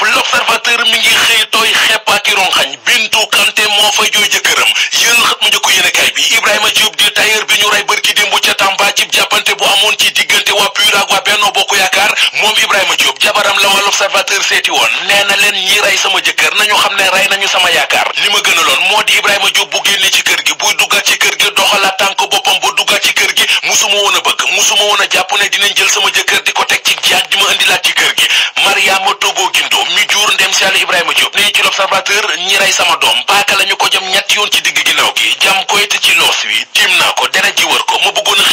jëf l'observateur mi ngi xëy tooy xepp ak i ronxañ Bintu Kanté moo fa jooy jëkkëram yéen xët mu njëkku yéenekaay bi Ibrahima Diop di tailleur bi ñu rey bërki démb ca Tamba cib jàppante bu amoon ci digg waa PUR ak waa Benno Bokk Yaakaar moom Ibrahima Diop jabaram la waa L'Observateur seeti woon nee na leen ñi rey sama jëkkër nañu xam ne rey nañu sama yaakaar li ma gënaloon moo di Ibrahima Diop bu génne ci kër gi buy duggaat ci kër gi doxalaat tànk boppam bu duggaat ci kër gi musuma woon a bëgg musuma woon a jàpp ne dinañ jël sama jëkkër di ko teg ci jaag di ma indilaat ci kër gi Mariama Togo Gindo mi jur ndem si Yàlla Ibrahima Diop ne ci L'Observateur ñi rey sama doom paaka lañu ko jëm ñetti yoon ci digg gi jam koy te ci loos wi tiim naa ko deret ji ko ma bëggoon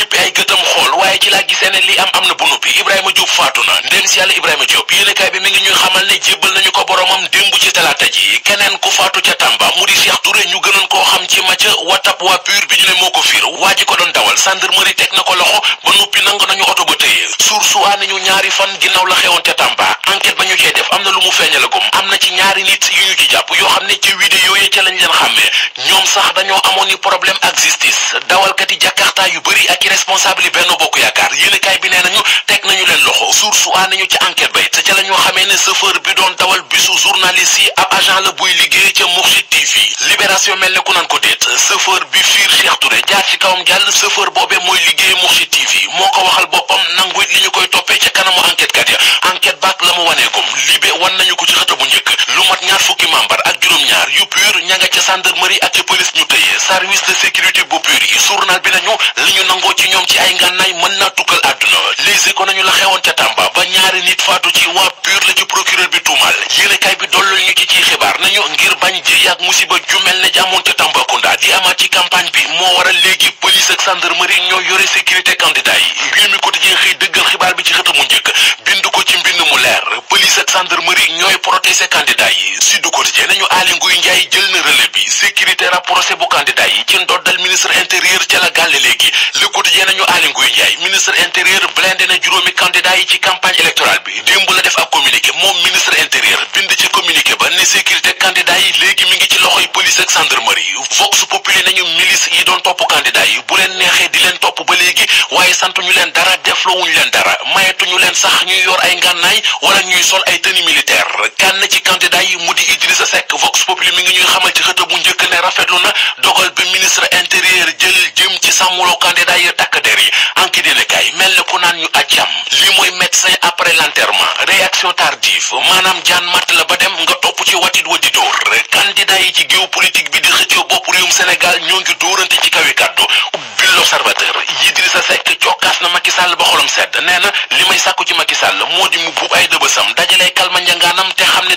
laa gisee ne li am am na bu noppi Ibrahima Diop faatu na ndem si yàlla Ibrahima Diop yéenekaay bi mi ngi ñuy xamal ne jébbal nañu ko boromam démb ci talaata ji keneen ku faatu ca Tamba mu di Cheikh Touré ñu gënoon koo xam ci match watab waa pur bi ñu ne moo ko fiir waa ji ko doon dawal gendarmerie teg na ko loxo ba noppi nangu nañu oto ba tëye source waa nañu ñaari fan ginnaaw la xewoon ca Tamba enquête ba ñu cee def am na lu mu feeñalagum am na ci ñaari nit yu ñu ci jàpp yoo xam ne ci vidéo yi ca lañ leen xàmmee ñoom sax dañoo amoon ni problème ak justice dawalkati jakarta yu bëri ak i responsable yi benn bokk yaakaar yéenekaay bi nee nañu teg nañu leen loxo source waa nañu ci enquête ba benn chauffeur bi doon dawal bisu journaliste yi ab agent la buy liggéey ca Mourchid TV libération mel ne ku naan ko déet chauffeur bi fiir Cheikh Touré jaar ci kawam jàll chauffeur boobe mooy liggéey Mourchid TV moo ko waxal boppam nangu it li ñu koy toppee ca kanamu enquête kat ya enquête baak la mu waneegum libé wan nañu ko ci xëta bu njëkk lu mat ñaar fukki membre ak juróom-ñaar yu pur ña nga ca gendarmerie ak ca police ñu tëyee service de sécurité bu pur yi jëfandikoo ci ñoom ci ay ngànnaay mën naa tukkal àdduna léegi ko nañu la xewoon ca Tamba ba ñaari nit faatu ci waa pur la ci procureur bi tuumal yéenekaay bi dollul ñu ci ciy xibaar nañu ngir bañ ji yàgg musiba ju ne jàmmoon ca Tambacounda di amaat ci campagne bi moo waral léegi police ak gendarmerie ñoo yore sécurité candidat yi réew mi quotidien xëy dëggal xibaar bi ci xëtamu njëkk bind ko ci mbind gendarmerie ñooy protéger candidat yi Sud Quotidien nañu Aly Ngouille Ndiaye jël na relais bi sécurité ak bu candidat yi ci ndoddal ministre intérieur ca la gàlle léegi Le Quotidien nañu Aly Ngouille Ndiaye ministre intérieur blindé na juróomi candidat yi ci campagne électorale bi démb la def ak communiqué moom ministre intérieur bind ci communiqué ba ne sécurité candidat yi léegi mi gendarmerie vox populi nañu milice yi doon topp candidat yi bu leen neexee di leen topp ba léegi waaye santu ñu leen dara defloowuñu leen dara mayetuñu leen sax ñuy yor ay ngànnaay wala ñuy sol ay tenue militaire kenn ci candidat yi mu di Idrissa Seck Vox Populi mi ngi ñuy xamal ci xëta bu njëkk ne rafetlu na dogal bi ministre intérieur jël jëm ci sàmmuloo candidat yi takk der yi anki dina mel ne ku naan ñu ajjam lii mooy médecin après l'enterrement réaction tardive maanaam jaan matt la ba dem nga topp ci watit wa di dóor yi ci géew bi di xëccoo bopp réewum Sénégal ñoo ngi dóorante ci kawi kàddu ubbi l'observateur Idrissa Seck cokkaas na Macky Sall ba xolam sedd nee na li may sàkku ci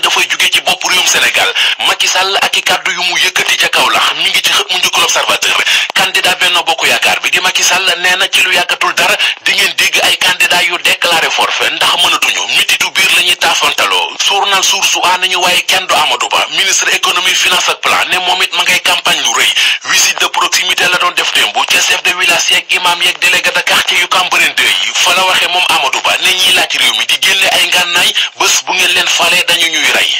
dafay jugee ci bopp réewum Sénégal Macky Sall ak i kàddu yu mu yëkkati ca kaw lax mi ngi ci xët mu njëkk l'Observateur candidat benn Bokk Yaakaar bi di Macky Sall nee na ci lu yàggatul dara di ngeen dégg ay candidat yu déclaré forfait ndax mënatuñu mititu ci taafantaloo journal su A nañu waaye kenn du Amadou Ba ministre économie finance ak plan ne moom it ma ngay campagne lu rëy visite de proximité la doon def démb ca chef de village yeeg imam yeeg délégué de quartier yu Cambérène fa la waxee moom Amadou Ba ne ñiy laaj réew mi di génne ay ngànnaay bés bu ngeen leen falee dañu ñuy rey